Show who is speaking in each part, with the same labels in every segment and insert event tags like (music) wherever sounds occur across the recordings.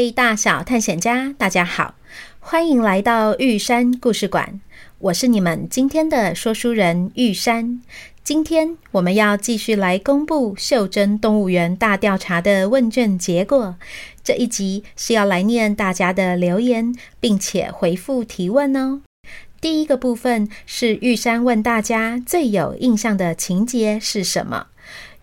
Speaker 1: 各位大小探險家，大家好，歡迎來到玉山故事館。我是你們今天的說書人玉山。今天我們要繼續來公布《袖珍動物園大調查》的問卷結果。這一集是要來念大家的留言，並且回復提問哦。第一個部分是玉山問大家最有印象的情節是什麼？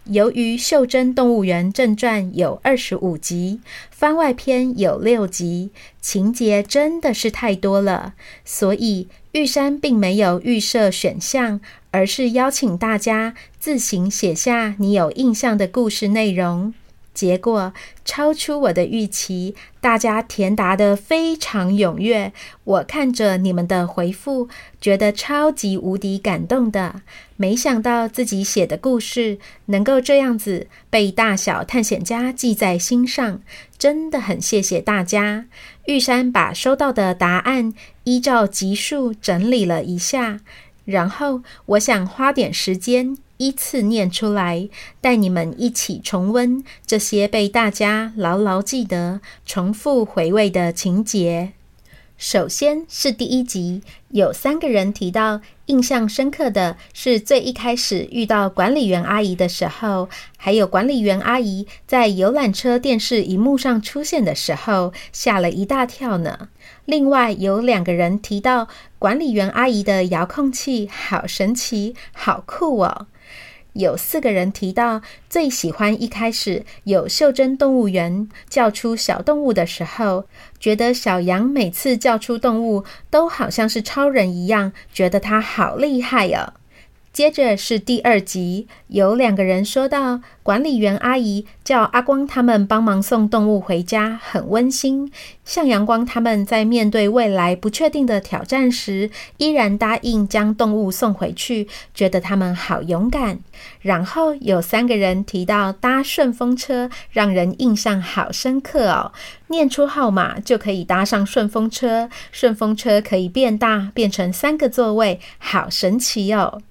Speaker 1: 由於《袖珍動物園正傳》有二十五集，番外篇有六集，情節真的是太多了，所以玉山並沒有預設選項，而是邀請大家自行寫下你有印象的故事內容。結果超出我的預期，大家填答得非常踴躍。我看着你們的回覆，覺得超級無敵感動的。沒想到自己寫的故事能夠這樣子被大小探險家記在心上，真的很謝謝大家。玉山把收到的答案依照集數整理了一下，然後我想花點時間。依次念出來，帶你們一起重溫這些被大家牢牢記得、重複回味的情節。首先是第一集，有三個人提到印象深刻的是最一開始遇到管理員阿姨的時候，還有管理員阿姨在遊覽車電視熒幕上出現的時候，嚇了一大跳呢。另外有兩個人提到管理員阿姨的遙控器好神奇、好酷哦。有四個人提到最喜歡一開始有袖珍動物園叫出小動物的時候，覺得小羊每次叫出動物都好像是超人一樣，覺得他好厲害啊、哦。接着是第二集，有兩個人說到管理員阿姨叫阿光他們幫忙送動物回家，很溫馨。向陽光他們在面對未來不確定的挑戰時，依然答應將動物送回去，覺得他們好勇敢。然後有三個人提到搭順風車，讓人印象好深刻哦。念出號碼就可以搭上順風車，順風車可以變大，變成三個座位，好神奇哦。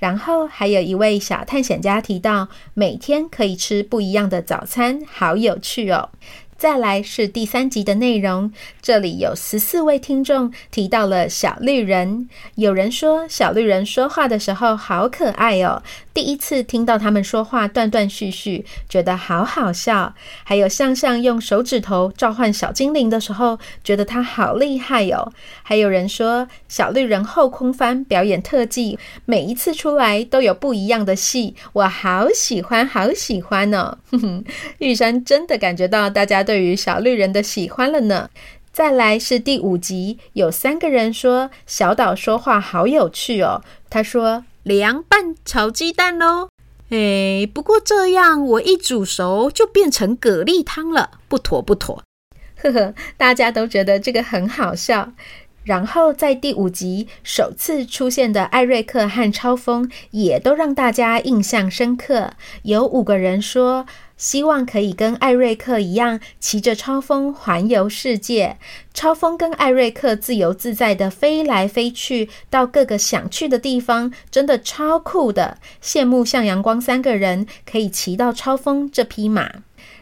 Speaker 1: 然後還有一位小探險家提到，每天可以吃不一樣的早餐，好有趣哦。再來是第三集的內容，這裡有十四位聽眾提到了小綠人，有人說小綠人說話的時候好可愛哦，第一次聽到他們說話斷斷續續，覺得好好笑。還有向向用手指頭召喚小精靈的時候，覺得他好厲害哦。還有人說小綠人後空翻表演特技，每一次出來都有不一樣的戲，我好喜歡，好喜歡哦。 (laughs) 玉山真的感覺到大家。對於小綠人的喜歡了呢。再來是第五集，有三個人說小島說話好有趣哦。他說：“涼拌炒雞蛋哦。哎，不過這樣我一煮熟就變成蛤蜊湯了，不妥不妥。”呵呵，大家都覺得這個很好笑。然後在第五集首次出現的艾瑞克和超風，也都讓大家印象深刻。有五個人說希望可以跟艾瑞克一樣，騎着超風環遊世界。超風跟艾瑞克自由自在的飛來飛去，到各個想去的地方，真的超酷的。羨慕向陽光三個人可以騎到超風這匹馬。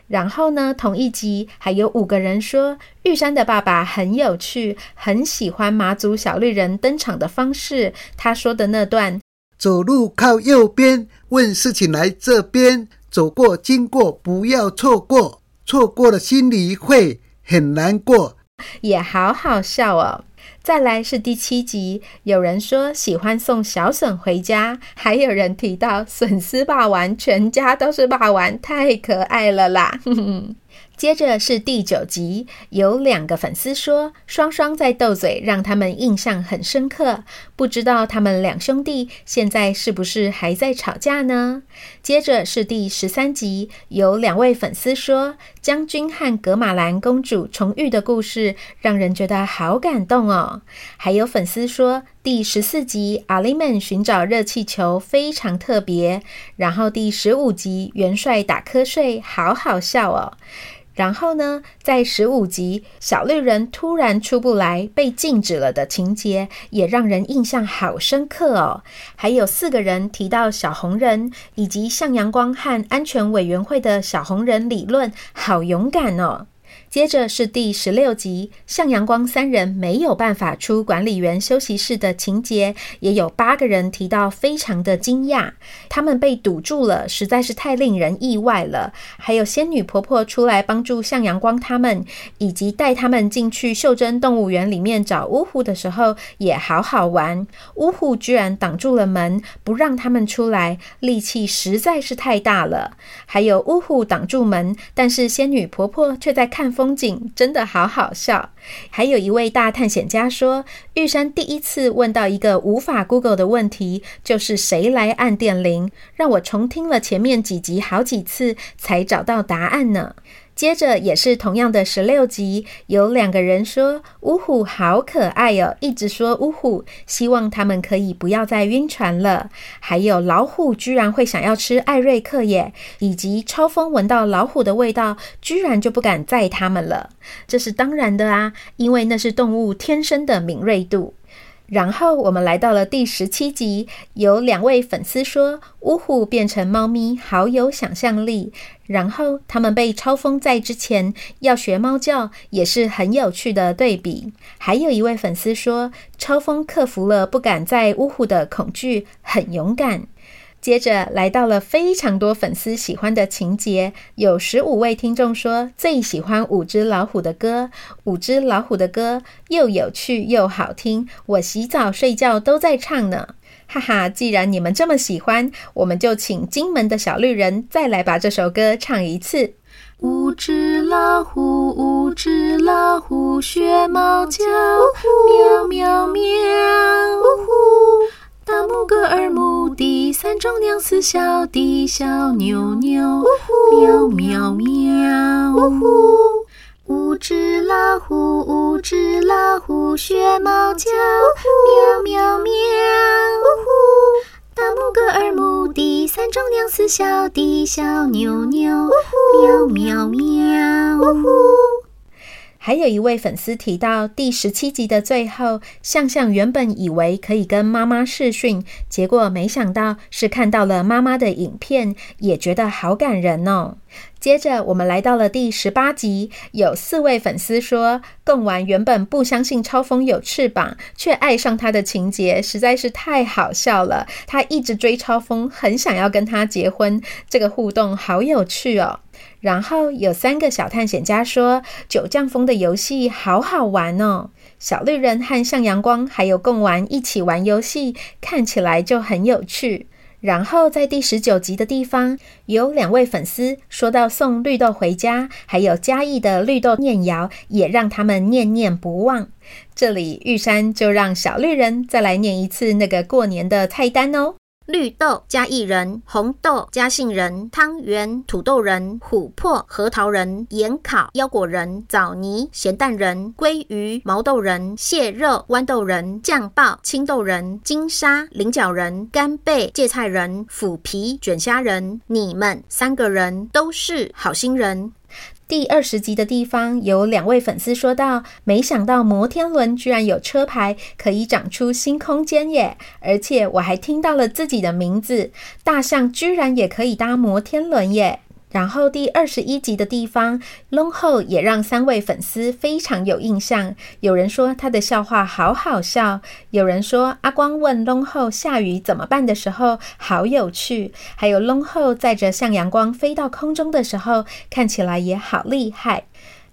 Speaker 1: 然後呢，同一集還有五個人說，玉山的爸爸很有趣，很喜歡馬祖小綠人登場的方式。他說的那段：走路靠右邊，問事情來這邊，走過經過不要錯過，錯過了心裡會很難過。也好好笑哦！再來是第七集，有人說喜歡送小筍回家，還有人提到筍絲霸王，全家都是霸王，太可愛了啦！哼哼。接着是第九集，有兩個粉絲說雙雙在鬥嘴，讓他們印象很深刻。不知道他們兩兄弟現在是不是還在吵架呢？接着是第十三集，有兩位粉絲說將軍和噶瑪蘭公主重遇的故事，讓人覺得好感動哦。還有粉絲說。第十四集，阿里曼尋找熱氣球非常特別。然後第十五集，元帥打瞌睡，好好笑哦。然後呢，在十五集，小綠人突然出不來，被禁止了的情節，也讓人印象好深刻哦。還有四個人提到小紅人，以及向陽光和安全委員會的小紅人理論，好勇敢哦。接着是第十六集，向陽光三人沒有辦法出管理員休息室的情節，也有八個人提到，非常的驚訝，他們被堵住了，實在是太令人意外了。還有仙女婆婆出來幫助向陽光他們，以及帶他們進去袖珍動物園裡面找嗚呼的時候，也好好玩。嗚呼居然擋住了門，不讓他們出來，力氣實在是太大了。還有嗚呼擋住門，但是仙女婆婆卻在看。風景真的好好笑，還有一位大探險家說，玉山第一次問到一個無法 Google 的問題，就是誰來按電鈴，讓我重聽了前面幾集好幾次才找到答案呢。接着也是同樣的十六集，有兩個人說：“嗚呼，好可愛哦！”一直說“嗚呼”，希望他們可以不要再暈船了。還有老虎居然會想要吃艾瑞克耶，以及超風聞到老虎的味道，居然就不敢載他們了。這是當然的啊，因為那是動物天生的敏銳度。然後我們來到了第十七集，有兩位粉絲說：“嗚呼變成貓咪好有想象力。”然後他們被超風在之前要學貓叫也是很有趣的對比。還有一位粉絲說：“超風克服了不敢在嗚呼的恐懼，很勇敢。”接着來到了非常多粉絲喜歡的情節，有十五位聽眾說最喜歡五隻老虎的歌《五隻老虎》的歌，《五隻老虎》的歌又有趣又好聽，我洗澡睡覺都在唱呢，哈哈！既然你們這麼喜歡，我們就請金門的小綠人再來把這首歌唱一次。五隻老虎，五隻老虎學貓叫，嗚呼，喵喵喵，嗚呼。達木哥兒母的三中娘子小的小牛牛，嗚呼喵喵喵，嗚呼。五隻老虎，五隻老虎學貓叫，嗚呼，喵喵喵，嗚呼。大拇哥兒母的三中娘子笑的小牛牛。嗚呼，喵喵喵，嗚呼。喵喵喵嗚呼還有一位粉絲提到，第十七集的最後，向向原本以為可以跟媽媽視訊，結果沒想到是看到了媽媽的影片，也覺得好感人哦。接着我們來到了第十八集，有四位粉絲說，貢丸原本不相信超風有翅膀，卻愛上他的情節實在是太好笑了。他一直追超風，很想要跟他結婚，這個互動好有趣哦。然後有三個小探險家說：“九降風的遊戲好好玩哦，小綠人和向陽光還有貢丸一起玩遊戲，看起來就很有趣。”然後在第十九集的地方，有兩位粉絲說到送綠豆回家，還有嘉義的綠豆念謠也讓他們念念不忘。這裡玉山就讓小綠人再來念一次那個過年的菜單哦。綠豆加薏仁，紅豆加杏仁，湯圓土豆仁，琥珀核桃仁，鹽烤腰果仁，棗泥鹹蛋仁，鮭魚毛豆仁，蟹肉豌豆仁，醬爆青豆仁，金沙菱角仁，干貝芥菜仁，腐皮卷蝦仁。你們三個人都是好心人。第二十集的地方，有兩位粉絲說到：“沒想到摩天輪居然有車牌，可以長出新空間耶！而且我還聽到了自己的名字，大象居然也可以搭摩天輪耶！”然後第二十一集的地方，龍後也讓三位粉絲非常有印象。有人說他的笑話好好笑，有人說阿光問龍後下雨怎麼辦的時候好有趣，還有龍後載着向陽光飛到空中的時候看起來也好厲害。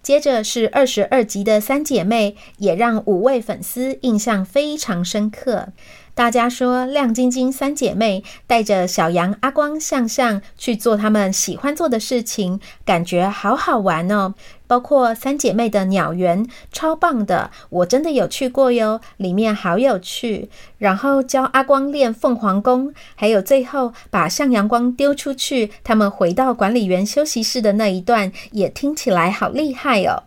Speaker 1: 接着是二十二集的三姐妹，也讓五位粉絲印象非常深刻。大家說，亮晶晶三姐妹帶着小羊阿光向上去做他們喜歡做的事情，感覺好好玩哦。包括三姐妹的鳥園，超棒的，我真的有去過喲，裡面好有趣。然後教阿光練鳳凰功，還有最後把向陽光丟出去，他們回到管理員休息室的那一段，也聽起來好厲害哦。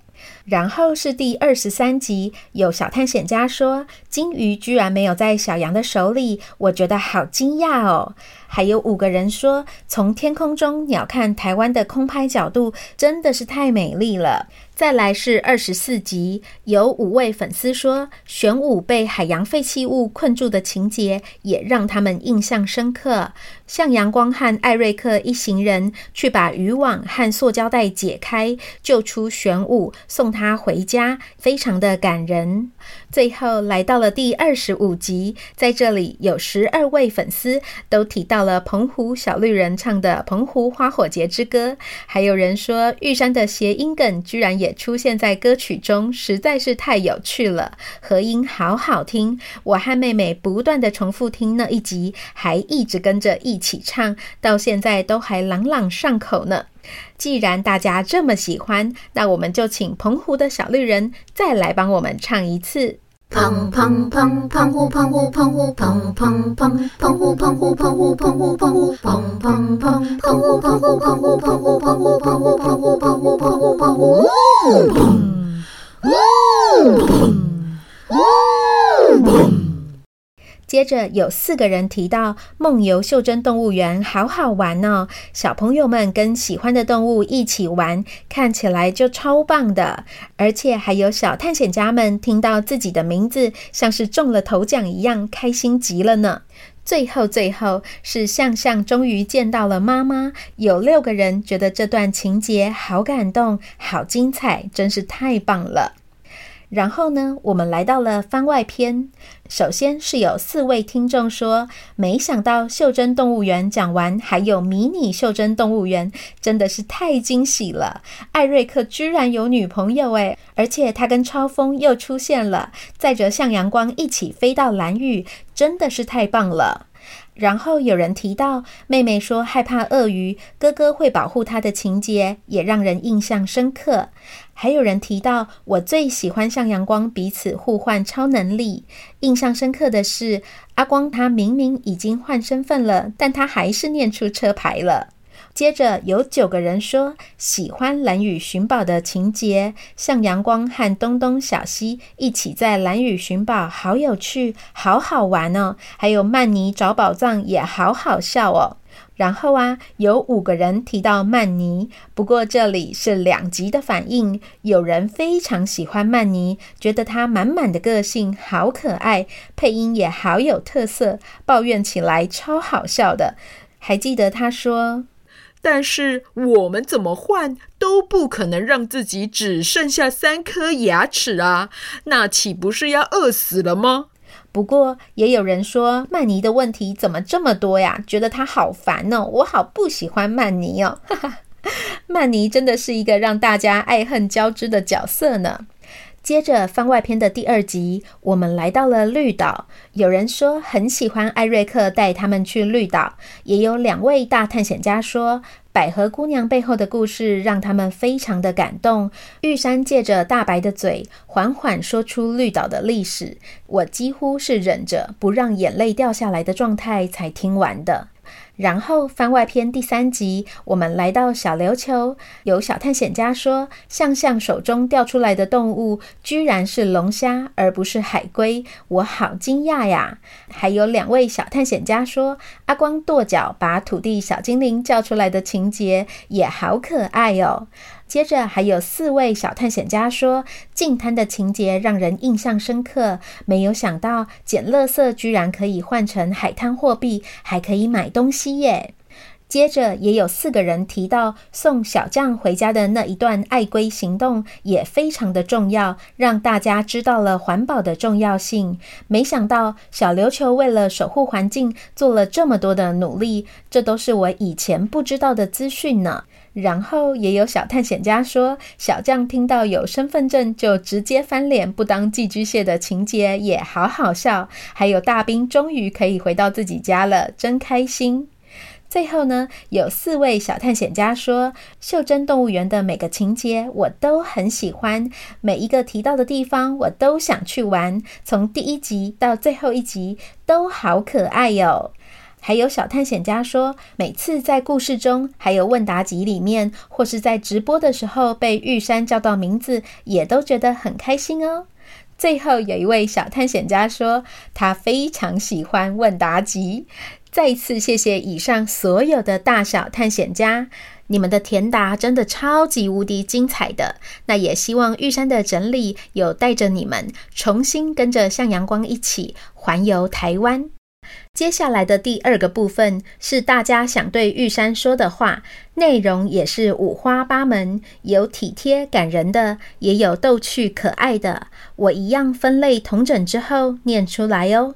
Speaker 1: 然後是第二十三集，有小探險家說，金魚居然沒有在小羊的手裡，我覺得好驚訝哦。還有五個人說，從天空中鳥瞰台灣的空拍角度，真的是太美麗了。再來是二十四集，有五位粉絲說，玄武被海洋廢棄物困住的情節也讓他們印象深刻。向陽光和艾瑞克一行人去把漁網和塑膠袋解開，救出玄武，送他回家，非常的感人。最後來到了第二十五集，在這裡有十二位粉絲都提到了澎湖小綠人唱的《澎湖花火節之歌》，還有人說玉山的諧音梗居然也出現在歌曲中，實在是太有趣了，合音好好聽。我和妹妹不斷地重複聽那一集，還一直跟着一起唱，到現在都還朗朗上口呢。既然大家這麼喜歡，那我們就請澎湖的小綠人再來幫我們唱一次。接着有四個人提到夢遊袖珍動物園，好好玩哦！小朋友們跟喜歡的動物一起玩，看起來就超棒的。而且還有小探險家們聽到自己的名字，像是中了頭獎一樣，開心極了呢。最後最後是向向終於見到了媽媽。有六個人覺得這段情節好感動、好精彩，真是太棒了。然後呢，我們來到了番外篇。首先是有四位聽眾說，沒想到《袖珍動物園》講完還有《迷你袖珍動物園》，真的是太驚喜了。艾瑞克居然有女朋友哎，而且他跟超風又出現了，載着向陽光一起飛到藍玉，真的是太棒了。然後有人提到妹妹說害怕鱷魚，哥哥會保護她的情節，也讓人印象深刻。還有人提到我最喜歡向陽光彼此互換超能力，印象深刻的是阿光他明明已經換身份了，但他還是念出車牌了。接着有九個人說喜歡藍雨尋寶的情節，像陽光和東東、小西一起在藍雨尋寶，好有趣，好好玩哦。還有曼尼找寶藏也好好笑哦。然後啊，有五個人提到曼尼，不過這裡是兩極的反應，有人非常喜歡曼尼，覺得他滿滿的個性好可愛，配音也好有特色，抱怨起來超好笑的。還記得他說。但是我們怎麼換都不可能讓自己只剩下三顆牙齒啊！那豈不是要餓死了嗎？不過也有人說，曼尼的問題怎麼這麼多呀？覺得他好煩哦，我好不喜歡曼尼哦。哈哈，曼尼真的是一個讓大家愛恨交織的角色呢。接着番外篇的第二集，我們來到了綠島。有人說很喜歡艾瑞克帶他們去綠島，也有兩位大探險家說百合姑娘背後的故事讓他們非常的感動。玉山借着大白的嘴，緩緩說出綠島的歷史，我幾乎是忍着不讓眼淚掉下來的狀態才聽完的。然後番外篇第三集，我們來到小琉球，有小探險家說，象象手中掉出來的動物居然是龍蝦，而不是海龜，我好驚訝呀！還有兩位小探險家說，阿光跺腳把土地小精靈叫出來的情節也好可愛哦。接着還有四位小探險家說，淨灘的情節讓人印象深刻。沒有想到撿垃圾居然可以換成海灘貨幣，還可以買東西耶。接着也有四個人提到送小將回家的那一段愛龜行動也非常的重要，讓大家知道了環保的重要性。沒想到小琉球為了守護環境做了這麼多的努力，這都是我以前不知道的資訊呢。然後也有小探險家說，小將聽到有身份證就直接翻臉，不當寄居蟹的情節也好好笑。還有大兵終於可以回到自己家了，真開心。最後呢，有四位小探險家說，《袖珍動物園》的每個情節我都很喜歡，每一個提到的地方我都想去玩。從第一集到最後一集都好可愛喲、哦。還有小探險家說，每次在故事中，還有問答集裡面，或是在直播的時候被玉山叫到名字，也都覺得很開心哦。最後有一位小探險家說，他非常喜歡問答集。再一次謝謝以上所有的大小探險家，你們的填答真的超級無敵精彩的。那也希望玉山的整理有帶着你們重新跟着向陽光一起環遊台灣。接下來的第二個部分是大家想對玉山說的話，內容也是五花八門，有體貼感人的，也有逗趣可愛的。我一樣分類統整之後念出來哦。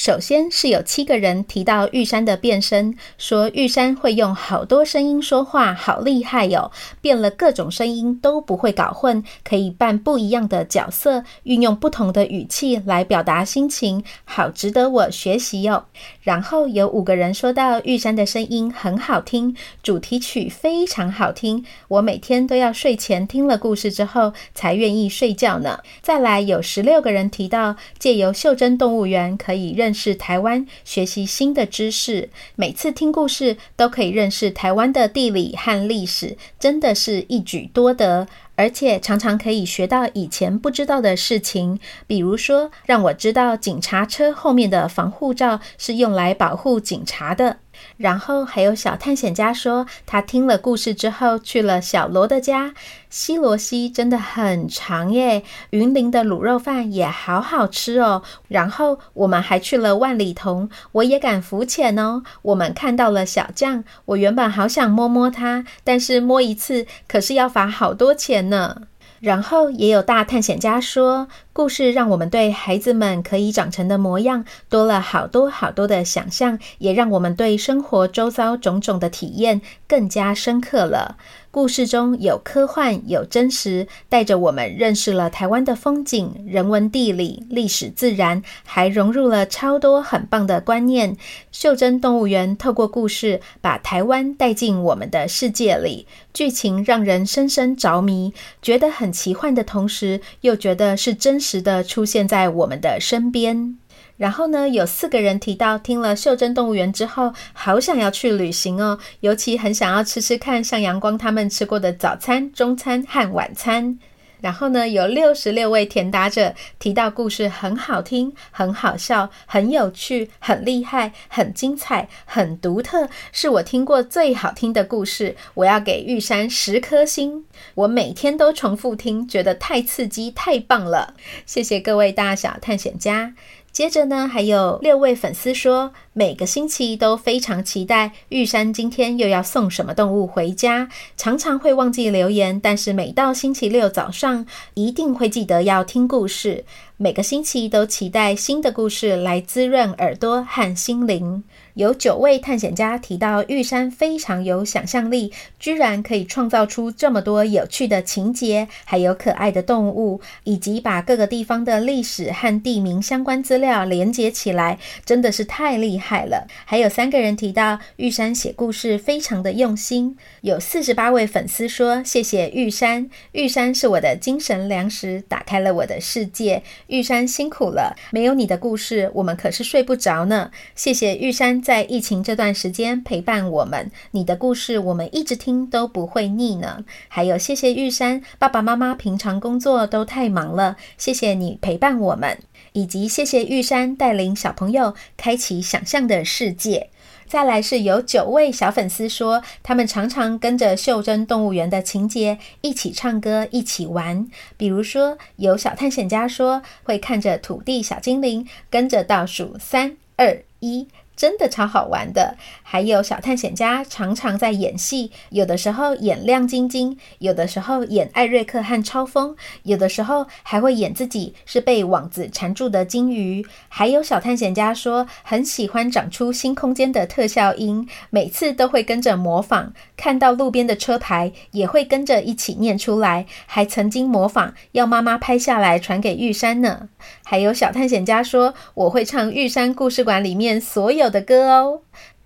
Speaker 1: 首先是有七個人提到玉山的變身，說玉山會用好多聲音說話，好厲害喲！變了各種聲音都不會搞混，可以扮不一樣的角色，運用不同的語氣來表達心情，好值得我學習喲。然後有五個人說到玉山的聲音很好聽，主題曲非常好聽，我每天都要睡前聽了故事之後才願意睡覺呢。再來有十六個人提到借由袖珍動物園可以認認識台灣，學習新的知識。每次聽故事都可以認識台灣的地理和歷史，真的是一舉多得。而且常常可以學到以前不知道的事情，比如說，讓我知道警察車後面的防護罩是用來保護警察的。然後還有小探險家說，他聽了故事之後去了小羅的家。西羅西真的很長耶，雲林的滷肉飯也好好吃哦。然後我們還去了萬里桐，我也敢浮潛哦。我們看到了小將，我原本好想摸摸它，但是摸一次可是要罰好多錢呢。然後也有大探險家說，故事讓我們對孩子們可以長成的模樣多了好多好多的想象也讓我們對生活周遭種種的體驗更加深刻了。故事中有科幻，有真實，帶着我們認識了台灣的風景、人文、地理、歷史、自然，還融入了超多很棒的觀念。袖珍動物園透過故事，把台灣帶進我們的世界裡，劇情讓人深深着迷，覺得很奇幻的同時，又覺得是真實的出現在我們的身邊。然後呢，有四個人提到聽了《袖珍動物園》之後，好想要去旅行哦，尤其很想要吃吃看像陽光他們吃過的早餐、中餐和晚餐。然後呢，有六十六位填答者提到故事很好聽、很好笑、很有趣、很厲害、很精彩、很獨特，是我聽過最好聽的故事。我要給玉山十顆星。我每天都重複聽，覺得太刺激、太棒了。謝謝各位大小探險家。接着呢，還有六位粉絲說，每個星期都非常期待玉山今天又要送什麼動物回家，常常會忘記留言，但是每到星期六早上，一定會記得要聽故事。每個星期都期待新的故事來滋潤耳朵和心靈。有九位探險家提到玉山非常有想象力，居然可以創造出這麼多有趣的情節，還有可愛的動物，以及把各個地方的歷史和地名相關資料連接起來，真的是太厲害了。還有三個人提到玉山寫故事非常的用心。有四十八位粉絲說謝謝玉山，玉山是我的精神糧食，打開了我的世界。玉山辛苦了，沒有你的故事，我們可是睡不着呢。謝謝玉山。在疫情這段時間陪伴我們，你的故事我們一直聽都不會膩呢。還有，謝謝玉山爸爸媽媽，平常工作都太忙了，謝謝你陪伴我們，以及謝謝玉山帶領小朋友開啟想象的世界。再來，是有九位小粉絲說，他們常常跟着《袖珍動物園》的情節一起唱歌，一起玩。比如說，有小探險家說會看着土地小精靈，跟着倒數三二一。3, 2, 真的超好玩的。還有小探險家常常在演戲，有的時候演亮晶晶，有的時候演艾瑞克和超風，有的時候還會演自己是被網子纏住的鯨魚。還有小探險家說很喜歡長出新空間的特效音，每次都會跟着模仿，看到路邊的車牌也會跟着一起念出來，還曾經模仿要媽媽拍下來傳給玉山呢。還有小探險家說我會唱玉山故事館裡面所有的歌哦。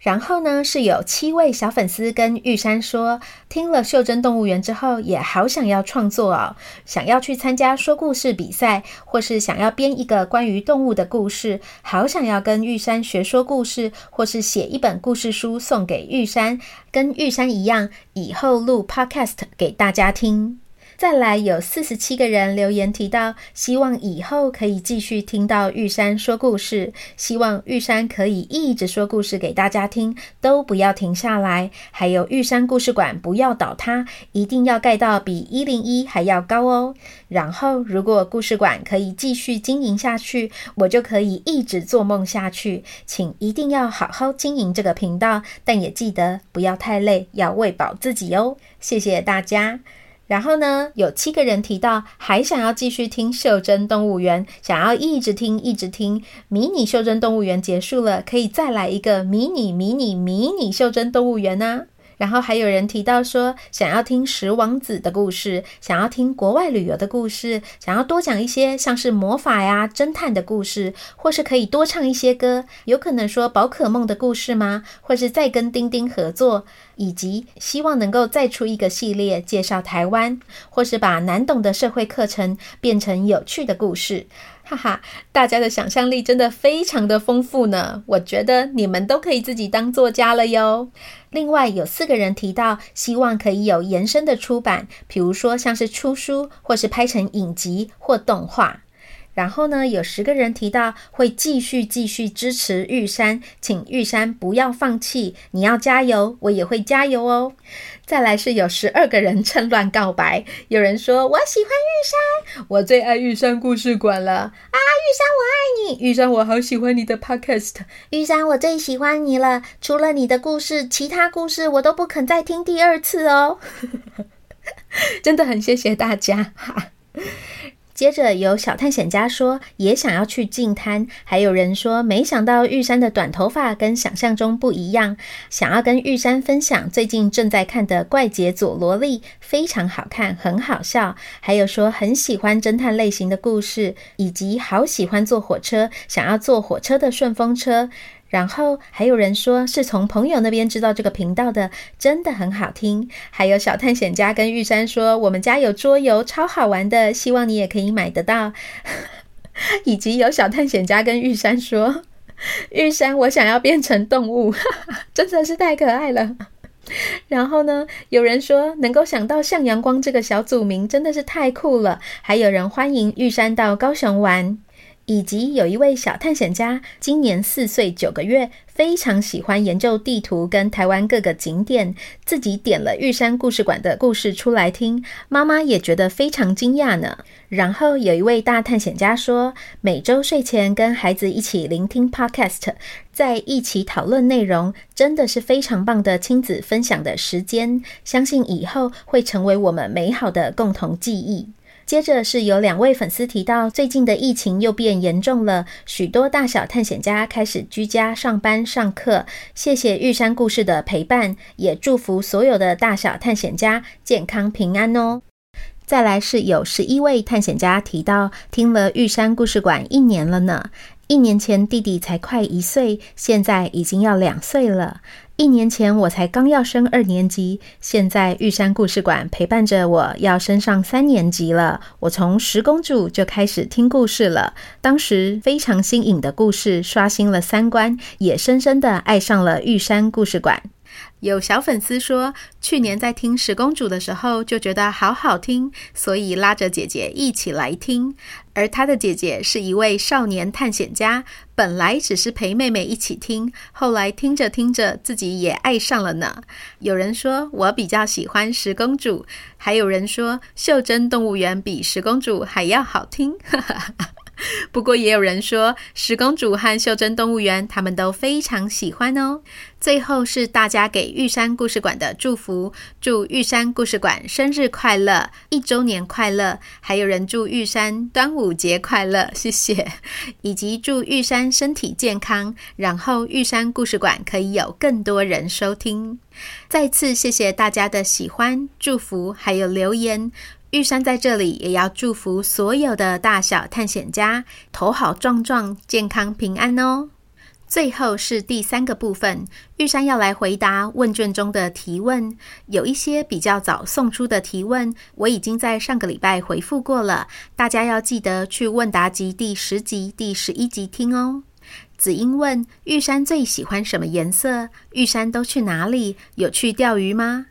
Speaker 1: 然後呢，是有七位小粉絲跟玉山說，聽了《袖珍動物園》之後，也好想要創作哦，想要去參加說故事比賽，或是想要編一個關於動物的故事，好想要跟玉山學說故事，或是寫一本故事書送給玉山，跟玉山一樣，以後錄 Podcast 給大家聽。再來有四十七個人留言提到，希望以後可以繼續聽到玉山說故事，希望玉山可以一直說故事給大家聽，都不要停下來。還有玉山故事館不要倒塌，一定要蓋到比一零一還要高哦。然後如果故事館可以繼續經營下去，我就可以一直做夢下去。請一定要好好經營這個頻道，但也記得不要太累，要餵飽自己哦。謝謝大家。然後呢，有七個人提到還想要繼續聽《袖珍動物園》，想要一直聽一直聽。迷你袖珍動物園結束了，可以再來一個迷你迷你迷你袖珍動物園吶、啊。然後還有人提到說，想要聽十王子的故事，想要聽國外旅遊的故事，想要多講一些像是魔法呀、偵探的故事，或是可以多唱一些歌。有可能說寶可夢的故事嗎？或是再跟丁丁合作，以及希望能夠再出一個系列介紹台灣，或是把難懂的社會課程變成有趣的故事。哈哈，大家的想象力真的非常的豐富呢！我覺得你們都可以自己當作家了喲。另外有四個人提到希望可以有延伸的出版，比如說像是出書，或是拍成影集，或動畫。然後呢，有十個人提到會繼續繼續支持玉山，請玉山不要放棄，你要加油，我也會加油哦。再來是有十二個人趁亂告白，有人說我喜歡玉山，我最愛玉山故事館了。啊，玉山我愛你，玉山我好喜歡你的 podcast，玉山我最喜歡你了，除了你的故事，其他故事我都不肯再聽第二次哦。 (laughs) 真的很謝謝大家哈。 (laughs) 接着有小探險家說也想要去淨灘，還有人說沒想到玉山的短頭髮跟想象中不一樣，想要跟玉山分享最近正在看的怪傑佐羅力，非常好看，很好笑，還有說很喜歡偵探類型的故事，以及好喜歡坐火車，想要坐火車的順風車。然後還有人說，是從朋友那邊知道這個頻道的，真的很好聽。還有小探險家跟玉山說，我們家有桌遊，超好玩的，希望你也可以買得到。 (laughs) 以及有小探險家跟玉山說，玉山我想要變成動物， (laughs) 真的是太可愛了。然後呢，有人說能夠想到向陽光這個小組名，真的是太酷了。還有人歡迎玉山到高雄玩。以及有一位小探險家，今年四歲九個月，非常喜歡研究地圖跟台灣各個景點，自己點了玉山故事館的故事出來聽，媽媽也覺得非常驚訝呢。然後有一位大探險家說，每周睡前跟孩子一起聆聽 podcast，在一起討論內容，真的是非常棒的親子分享的時間，相信以後會成為我們美好的共同記憶。接着是有兩位粉絲提到，最近的疫情又變嚴重了，許多大小探險家開始居家上班上課。謝謝玉山故事的陪伴，也祝福所有的大小探險家健康平安哦。再來是有十一位探險家提到，聽了玉山故事館一年了呢，一年前弟弟才快一歲，現在已經要兩歲了。一年前，我才剛要升二年級，現在玉山故事館陪伴着我要升上三年級了。我從《十公主》就開始聽故事了，當時非常新穎的故事，刷新了三觀，也深深的愛上了玉山故事館。有小粉絲說，去年在聽《十公主》的時候就覺得好好聽，所以拉着姐姐一起來聽。而她的姐姐是一位少年探險家，本來只是陪妹妹一起聽，後來聽着聽着自己也愛上了呢。有人說我比較喜歡《十公主》，還有人說《袖珍動物園》比《十公主》還要好聽。 (laughs) 不過也有人說，《十公主》和《袖珍動物園》，他們都非常喜歡哦。最後是大家給玉山故事館的祝福：祝玉山故事館生日快樂、一周年快樂，還有人祝玉山端午節快樂。謝謝，以及祝玉山身體健康。然後玉山故事館可以有更多人收聽。再次謝謝大家的喜歡、祝福還有留言。玉山在這裡也要祝福所有的大小探險家頭好壯壯、健康平安哦。最後是第三個部分，玉山要來回答問卷中的提問。有一些比較早送出的提問，我已經在上個禮拜回覆過了，大家要記得去問答集第十集、第十一集聽哦。子英問玉山最喜歡什麼顏色？玉山都去哪裡？有去釣魚嗎？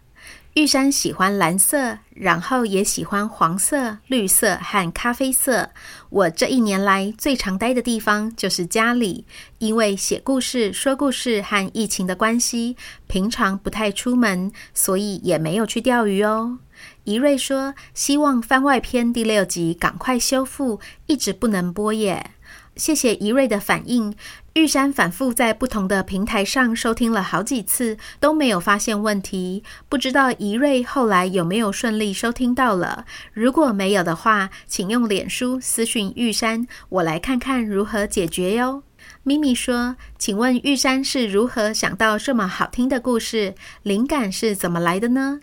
Speaker 1: 玉山喜歡藍色，然後也喜歡黃色、綠色和咖啡色。我這一年來最常待的地方就是家裡，因為寫故事、說故事和疫情的關係，平常不太出門，所以也沒有去釣魚哦。怡瑞說希望番外篇第六集趕快修復，一直不能播耶。謝謝怡瑞的反應。玉山反覆在不同的平台上收聽了好幾次，都沒有發現問題。不知道怡瑞後來有沒有順利收聽到了？如果沒有的話，請用臉書私訊玉山，我來看看如何解決喲。咪咪說：“請問玉山是如何想到這麼好聽的故事？靈感是怎麼來的呢？”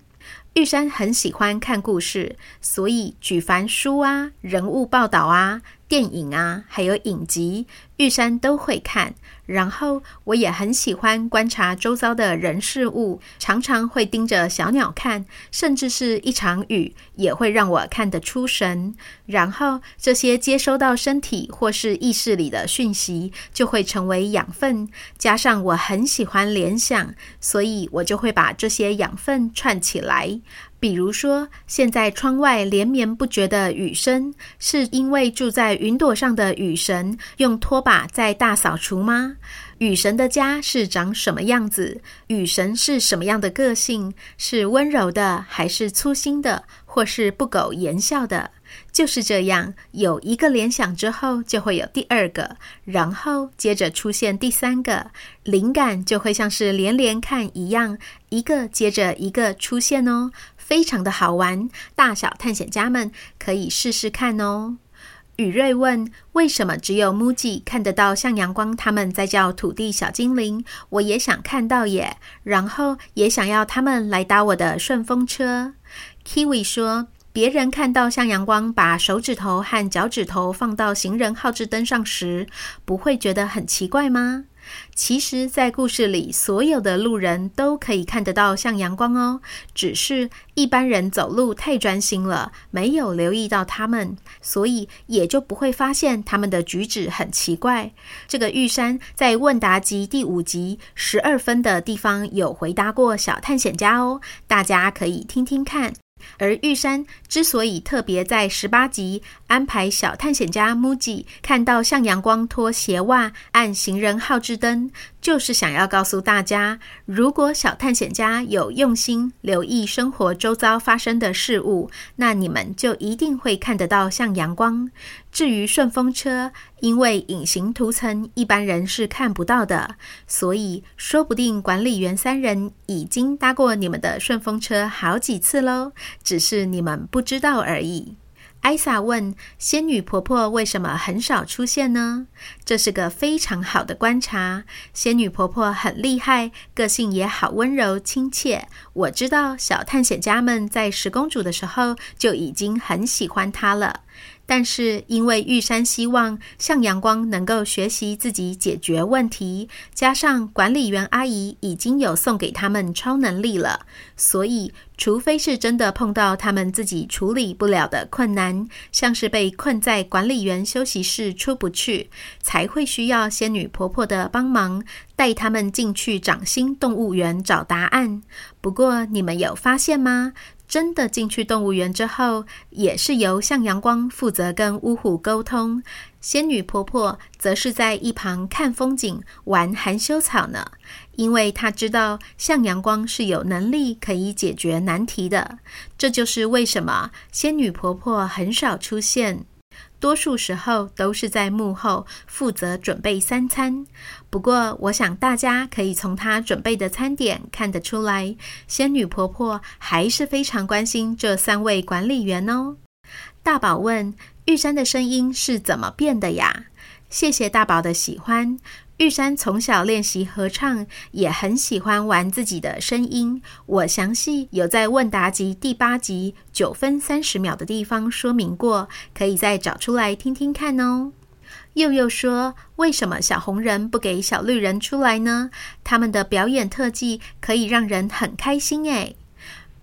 Speaker 1: 玉山很喜歡看故事，所以舉凡書啊、人物報道啊，電影啊，還有影集，玉山都會看。然後我也很喜歡觀察周遭的人事物，常常會盯着小鳥看，甚至是一場雨也會讓我看得出神。然後這些接收到身體或是意識裡的訊息，就會成為養分。加上我很喜歡聯想，所以我就會把這些養分串起來。比如說，現在窗外連綿不絕的雨聲，是因為住在雲朵上的雨神用拖把在大掃除嗎？雨神的家是長什麼樣子？雨神是什麼樣的個性？是溫柔的，還是粗心的，或是不苟言笑的？就是這樣，有一個聯想之後，就會有第二個，然後接着出現第三個，靈感就會像是連連看一樣，一個接着一個出現哦。非常的好玩，大小探險家們可以試試看哦。雨瑞問：“為什麼只有 Mugi 看得到向陽光？他們在叫土地小精靈，我也想看到耶，然後也想要他們來搭我的順風車。”Kiwi 說：“別人看到向陽光把手指頭和腳趾頭放到行人號誌燈上時，不會覺得很奇怪嗎？”其實，在故事裡，所有的路人都可以看得到像陽光哦。只是一般人走路太專心了，沒有留意到他們，所以也就不會發現他們的舉止很奇怪。這個玉山在問答集第五集十二分的地方有回答過小探險家哦，大家可以聽聽看。而玉山之所以特別在十八集安排小探險家木吉看到向陽光脫鞋襪按行人號志燈，就是想要告訴大家：如果小探險家有用心留意生活周遭發生的事物，那你們就一定會看得到向陽光。至於順風車，因為隱形塗層一般人是看不到的，所以說不定管理員三人已經搭過你們的順風車好幾次嘍，只是你們不知道而已。艾莎問：“仙女婆婆為什麼很少出現呢？”這是個非常好的觀察。仙女婆婆很厲害，個性也好溫柔親切。我知道小探險家們在十公主的時候就已經很喜歡她了。但是，因為玉山希望向陽光能夠學習自己解決問題，加上管理員阿姨已經有送給他們超能力了，所以除非是真的碰到他們自己處理不了的困難，像是被困在管理員休息室出不去，才會需要仙女婆婆的幫忙，帶他們進去掌心動物園找答案。不過，你們有發現嗎？真的進去動物園之後，也是由向陽光負責跟烏虎溝通，仙女婆婆則是在一旁看風景、玩含羞草呢。因為她知道向陽光是有能力可以解決難題的，這就是為什麼仙女婆婆很少出現。多數時候都是在幕後負責準備三餐，不過我想大家可以從她準備的餐點看得出來，仙女婆婆還是非常關心這三位管理員哦。大寶問玉山的聲音是怎麼變的呀？謝謝大寶的喜歡。玉山從小練習合唱，也很喜歡玩自己的聲音。我詳細有在問答集第八集九分三十秒的地方說明過，可以再找出來聽聽看哦。又又說：“為什麼小紅人不給小綠人出來呢？他們的表演特技可以讓人很開心誒。”哎。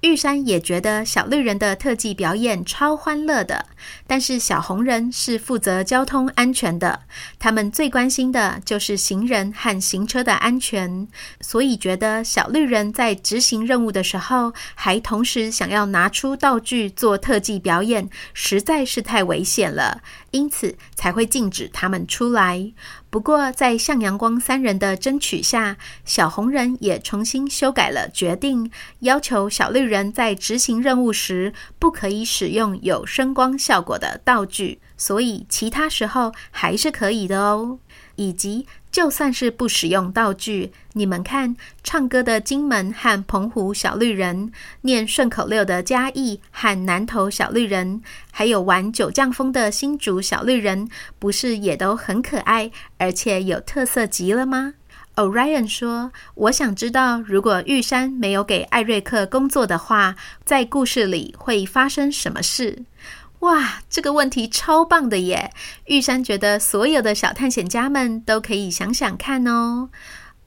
Speaker 1: 玉山也覺得小綠人的特技表演超歡樂的，但是小紅人是負責交通安全的，他們最關心的就是行人和行車的安全，所以覺得小綠人在執行任務的時候，還同時想要拿出道具做特技表演，實在是太危險了，因此才會禁止他們出來。不過，在向陽光三人的爭取下，小紅人也重新修改了決定，要求小綠人在執行任務時不可以使用有聲光效果的道具，所以其他時候還是可以的哦，以及。就算是不使用道具，你們看，唱歌的金門和澎湖小綠人，念順口溜的嘉義和南投小綠人，還有玩九降風的新竹小綠人，不是也都很可愛，而且有特色極了嗎？Orion 說：“我想知道，如果玉山沒有給艾瑞克工作的話，在故事裡會發生什麼事？”哇，這個問題超棒的耶！玉山覺得所有的小探險家們都可以想想看哦。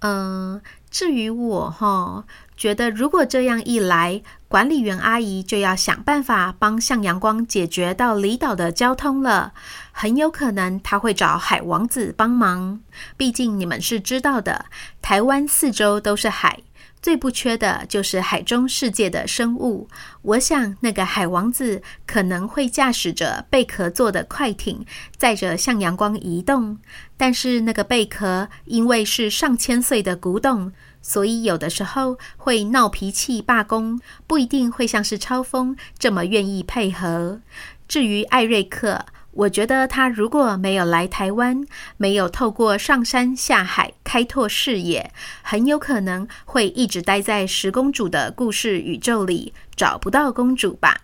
Speaker 1: 嗯，至於我哈，覺得如果這樣一來，管理員阿姨就要想辦法幫向陽光解決到離島的交通了。很有可能她會找海王子幫忙，畢竟你們是知道的，台灣四周都是海。最不缺的就是海中世界的生物。我想那個海王子可能會駕駛着貝殼做的快艇，載着向陽光移動。但是那個貝殼因為是上千歲的古董，所以有的時候會鬧脾氣罷工，不一定會像是超風這麼願意配合。至於艾瑞克。我覺得他如果沒有來台灣，沒有透過上山下海開拓視野，很有可能會一直待在十公主的故事宇宙裡，找不到公主吧？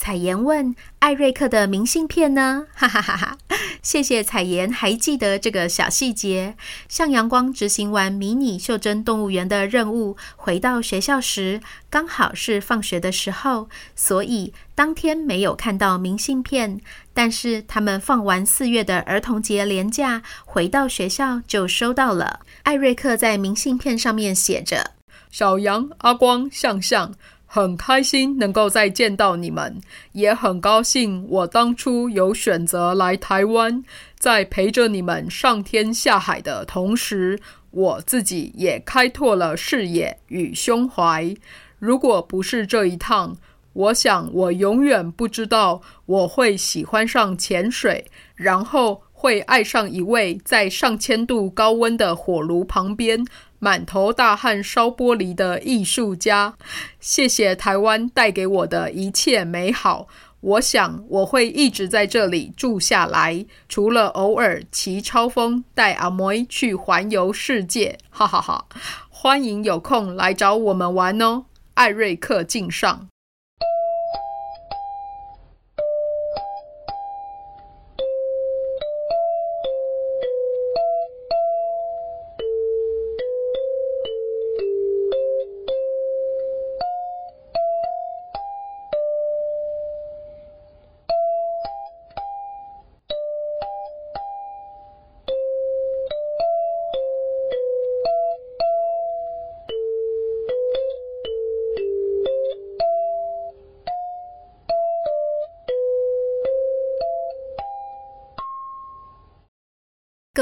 Speaker 1: 彩妍問，艾瑞克的明信片呢？哈哈哈哈！謝謝彩妍還記得這個小細節。向陽光執行完迷你袖珍動物園的任務，回到學校時剛好是放學的時候，所以當天沒有看到明信片。但是他們放完四月的兒童節連假，回到學校就收到了艾瑞克在明信片上面寫着：“小羊阿光、向向，很開心能夠再見到你們，也很高興我當初有選擇來台灣，在陪着你們上天下海的同時，我自己也開拓了視野與胸懷。如果不是這一趟。”我想，我永遠不知道我會喜歡上潛水，然後會愛上一位在上千度高溫的火爐旁邊滿頭大汗燒玻璃的藝術家。謝謝台灣帶給我的一切美好。我想我會一直在這裡住下來，除了偶爾騎超風帶阿摩去環遊世界。哈哈哈！歡迎有空來找我們玩哦，艾瑞克敬上。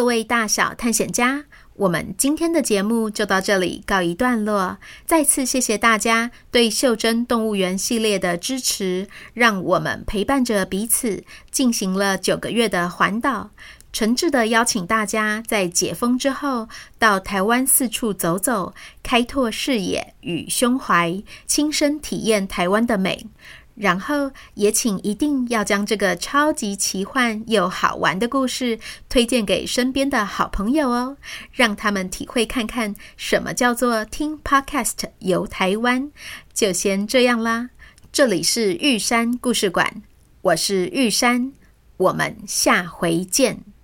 Speaker 1: 各位大小探險家，我們今天的節目就到這裡告一段落。再次謝謝大家對《袖珍動物園》系列的支持，讓我們陪伴着彼此進行了九個月的環島。誠摯地邀請大家在解封之後，到台灣四處走走，開拓視野與胸懷，親身體驗台灣的美。然後也請一定要將這個超級奇幻又好玩的故事推薦給身邊的好朋友哦，讓他們體會看看什麼叫做聽 Podcast 遊台灣。就先這樣啦，這裡是玉山故事館，我是玉山，我們下回見。